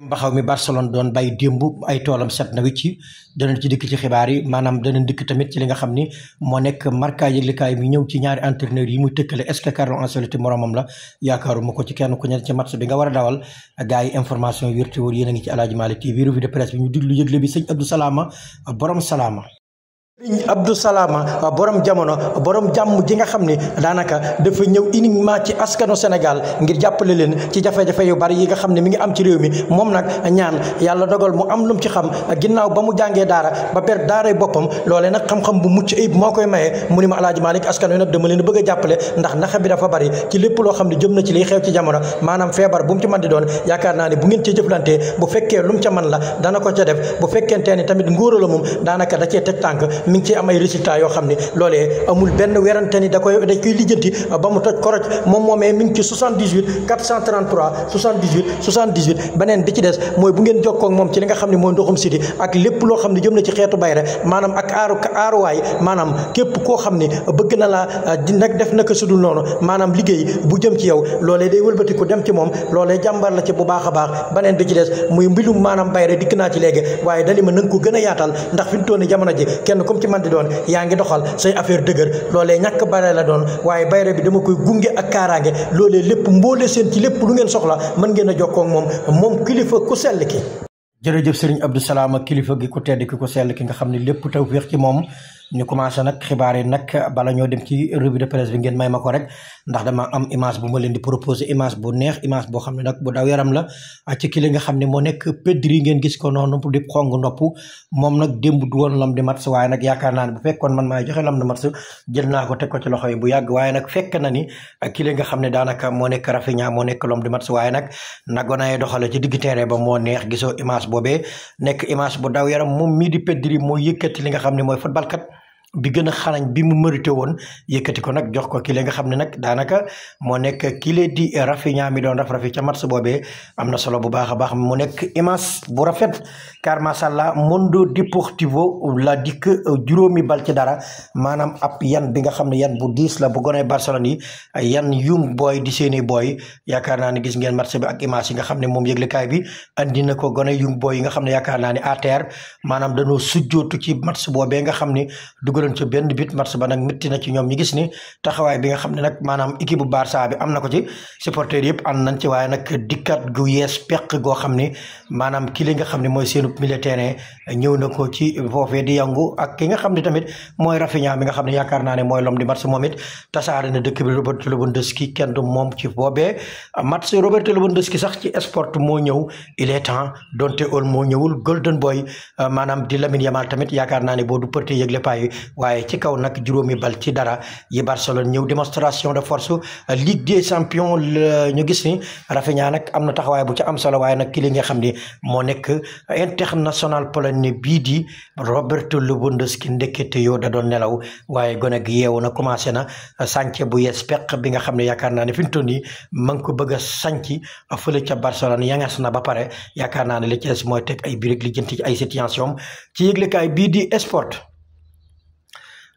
mbaxaw mi Barcelone doon bay démb ay toolam set na ci danañ ci dikk ci xibaar yi maanaam danañ dikk tamit ci li nga xam ni moo nekk marka yëglikaay bi ñëw ci ñaari entraîneur yi mu tëkkale est-ce que Carlo Ancelotti moromam la yaakaaruma ko ci kenn ku ñen ci match bi nga war a dawal gars yi information yi wértéwoor yéen a ngi ci Aladji Malick TV revue de presse bi ñu diglu yëgle bi sëñ Abdou Salama borom Salama Abdou Salama ah, borom jamono borom jàmm ji nga xam ni daanaka dafa ñëw uniquement ci askanu Sénégal ngir jàppale leen ci jafe-jafe yu bari yi nga xam ne mu ngi am ci réew mi moom nag ñaan yàlla dogal mu am lu mu ci xam ginnaaw ba mu jàngee daara ba ber daaray boppam loolee nag xam-xam bu mucc ayib moo koy maye mu ni ma alaaji Malick askan wi nag dama leen bëgg a jàppale ndax naxa bi dafa bari ci lépp loo xam ne jëm na ci liy xew ci jamono maanaam feebar bu ci mën doon yaakaar naa ne bu ngeen ci jëflantee bu fekkee lu mu man la dana ko ca def bu fekkentee ni tamit ngóora la moom daanaka da cee teg tànk mi ngi ciy am ay yoo xam ne loolee amul benn werante ni da koy da koy lijjanti ba mu toj koroj moom moomee mi ngi ci 78 433 78 78 beneen bi ci des mooy bu ngeen jokkoo moom ci li nga xam ne mooy ndoxum siti ak lépp loo xam ne jëm na ci xeetu bayre maanaam ak aaru aaruwaay maanaam képp koo xam ni bëgg na laa euh, di nag def naka sudul noonu maanaam liggéey bu jëm ci yow loolee day wëlbatiku dem ci moom loolee jàmbar la ci bu baax baax beneen bi ci des muy mbilum maanaam bayre naa ci léegi waaye a yaatal ndax fi mu jamono ji mu ci man di doon yaa ngi doxal say affaire dëgër loole ñàkk bare la doon waaye bayre bi dama koy gunge ak kaaraange loole lépp mboole seen ci lépp lu ngeen soxla mën ngeen a jokkoo moom moom kilifa ku sell ki jërëjëf sëriñ Abdou Salaam ak kilifa gi ku tedd ki ku sell ki nga xam ne lépp tawfeex ci moom ñu commencé nag xibaar yi nag bala ñoo dem ci revue ngeen ma ko rek ndax dama am image bu ma leen di proposer image bu neex image boo xam ne nag bu daw yaram la ci ki ne moo nekk Pedri ngeen gis ko noonu di xong ndopp moom nag démb du woon lam di match waaye nag yaakaar naa ne bu fekkoon man maay joxe lam ko teg ko ci loxo yi bu yàgg fekk na ni ki xam ne daanaka moo nekk moo nekk lam di match waaye nag nagonaye doxale ci digg terrain ba moo neex gisoo image boobee nekk image bu daw moom mii di moo yëkkati li nga xam ne mooy football kat bi gën a xarañ bi mu mérité woon yëkkati ko nag jox ko ki nga xam ne nag daanaka moo nekk kile di Rafinha mi doon raf rafi ca match boobee am na solo bu baax a baax mu nekk image bu rafet car macha allah Mundo Deportivo la dikk juróomi bal ci dara maanaam ab yan bi nga xam ne yan bu diis la bu gone Barcelone yi yan yum booy di seeni booy yaakaar naa ne gis ngeen match bi ak image yi nga xam ne moom yëglekaay bi andi ko gone yum booy yi nga xam ne yaakaar naa ne ATR maanaam dañoo sujjootu ci match boobee nga xam ne dugal jëloon ci benn but match ba nag métti na ci ñoom ñu gis taxawaay bi nga xam ne nag maanaam équipe bu Barça bi am na ko ci supporters yëpp ànd nañ ci waaye nag dikkat gu yees peq goo xam ni maanaam ki li nga xam ne mooy seenu milieu terrain ñëw na ko ci foofee di yangu ak ki nga xam ne tamit mooy Rafinha mi nga xam ne yaakaar naa ne mooy lom du match moom it tasaare na dëkk bi Robert Lewandowski kenn du moom ci boobee match Robert Lewandowski sax ci sport moo ñëw il est temps donte Olmo moo ñëwul golden boy euh, maanaam di Lamine Yamal tamit yaakaar naa ne boo du përte waaye ci kaw nag juróomi bal ci dara yi Barcelone ñëw démonstration de force Ligue des champions ñu gis ni Rafinha nag am na taxawaay bu ci am solo waaye nag ki li nga xam ni moo nekk international polonais bii di Robert Lewandowski ndekete yoo da doon nelaw waaye gone gi yeewu na commencé na sànce bu yees peq bi nga xam ne yaakaar naa ne fi mu toll nii ma ko bëgg a sànc fële ca Barcelone yangas na ba pare yaakaar naa ne li ci mooy teg ay birig li ay situation ci yëglekaay bii di sport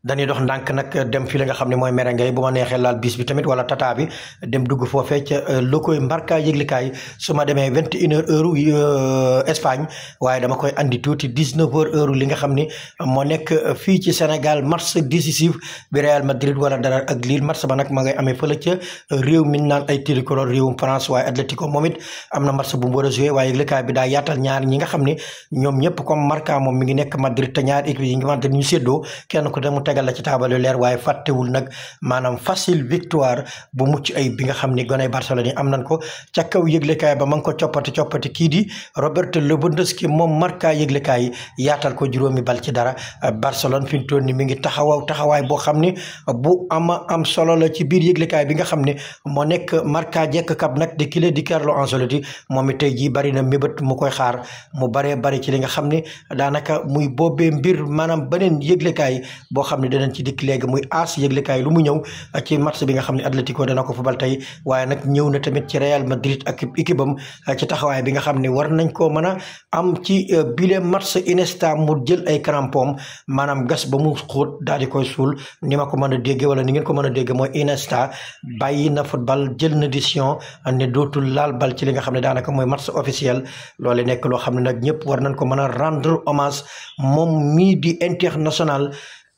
dañuy dox ndànk nag dem fi la nga xam ne mooy merengue bu ma neexee laal bis bi tamit wala tata bi dem dugg foofee ca euh, locaux mbarka yëglikaay su ma demee vingt et une heure heure Espagne waaye dama koy andi tuuti dix neuf heures heure li nga xam ni moo nekk fii ci Sénégal match décisif bi Real Madrid wala dara ak Lille match ba nag ma ngay amee fële ca euh, réew mi naan ay tricolore réewum France waaye Atlético moom it am na match bu mu war a joué waaye yëglikaay bi daa yaatal ñaar ñi nga xam ne ñoom ñëpp comme Marca moom mi ngi nekk Madrid te ñaar équipe yi nga xamante ni ñu séddoo kenn ko dem tegal la ci taabalu leer waaye fàttewul nag maanaam facile victoire bu mucc ay bi nga xam ni gone Barcelone yi am nañ ko ca kaw yëglekaay ba ma ngi ko coppati coppati kii di Robert Lewandowski moom Marca yëglekaay yaatal ko juróomi bal ci dara Barcelone fi mu ni mi ngi taxawaw taxawaay boo xam ni bu ama am solo la ci biir kaay bi nga xam ne moo nekk Marca jekk kab nag di kile di Carlo Ancelotti moom it tey jii bari na mébét mu koy xaar mu baree bari ci li nga xam ne daanaka muy boobee mbir maanaam beneen yëglekaay boo xam ne danañ ci dikk léegi muy aas yëglekaay lu mu ñëw ci match bi nga xam ne Atlético dana ko fubal tey waaye nag ñëw na tamit ci Real Madrid ak équipe am eh, ci taxawaay bi nga xam ne war nañ koo mën a am ci eh, bile match Iniesta mu jël ay crampons maanaam gas ba mu xóot daal koy suul ni ma ko mën a dégge wala ni ngeen ko mën a dégge mooy Iniesta bàyyi na football jël na décision ne dootul laal bal ci li nga xam ne daanaka mooy match officiel loole nekk loo xam ne nag ñëpp war nañ ko mën a rendre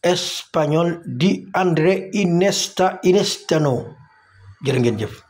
espagnol di André inesta Inestano jërë ngeen jëf